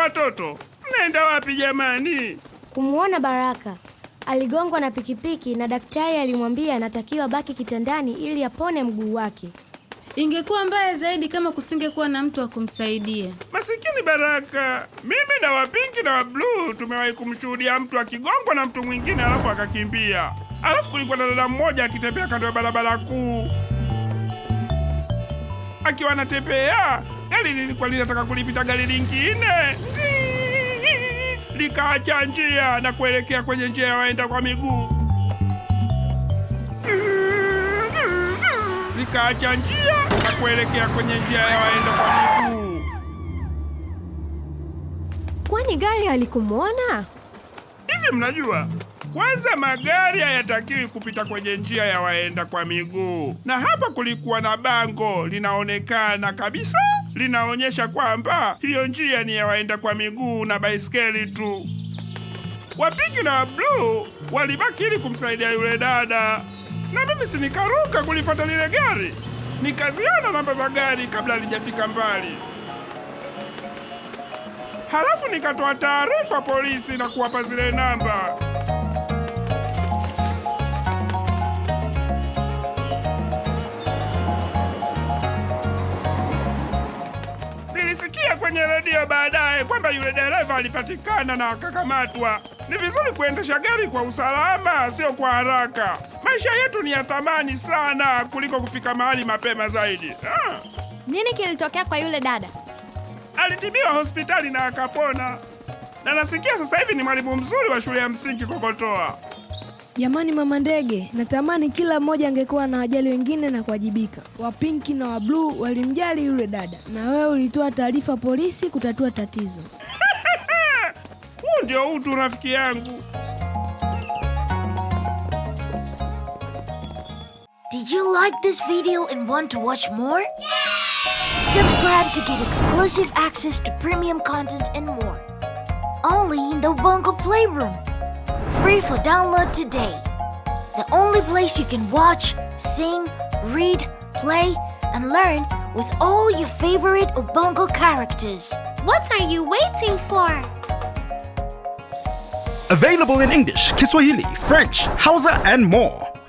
Watoto mnaenda wapi jamani? Kumwona Baraka aligongwa na pikipiki na daktari alimwambia anatakiwa baki kitandani ili apone mguu wake. Ingekuwa mbaya zaidi kama kusingekuwa na mtu wa kumsaidia. Masikini Baraka, mimi na wapinki na wabluu tumewahi kumshuhudia mtu akigongwa na mtu mwingine alafu akakimbia, alafu kulikuwa na dada mmoja akitembea kando ya barabara kuu akiwa anatembea gari lilikuwa linataka kulipita gari lingine, likaacha njia na kuelekea kwenye njia ya waenda kwa miguu. Likaacha njia na kuelekea kwenye njia ya waenda kwa miguu. Kwani gari alikumwona Hivi mnajua kwanza magari hayatakiwi kupita kwenye njia ya waenda kwa miguu, na hapa kulikuwa na bango linaonekana kabisa, linaonyesha kwamba hiyo njia ni ya waenda kwa miguu na baisikeli tu. Wapiki na Bluu walibaki ili kumsaidia yule dada, na mimi si nikaruka kulifuata lile gari, nikaziona namba za gari kabla lijafika mbali. Halafu nikatoa taarifa polisi na kuwapa zile namba. kwenye redio baadaye kwamba yule dereva alipatikana na akakamatwa. Ni vizuri kuendesha gari kwa usalama, sio kwa haraka. Maisha yetu ni ya thamani sana kuliko kufika mahali mapema zaidi. Ah. Nini kilitokea kwa yule dada? Alitibiwa hospitali na akapona, na nasikia sasa hivi ni mwalimu mzuri wa shule ya msingi Kokotoa. Jamani mama ndege, natamani kila mmoja angekuwa na wajali wengine na kuwajibika. Wa pinki na wa bluu walimjali yule dada, na wewe ulitoa taarifa polisi kutatua tatizo. Huu ndio utu, rafiki yangu. Did you like this video and want to watch more? Yeah! Subscribe to get exclusive access to premium content and more. Only in the Bongo Playroom. free for download today. The only place you can watch, sing, read, play, and learn with all your favorite Ubongo characters. What are you waiting for? Available in English, Kiswahili, French, Hausa, and more.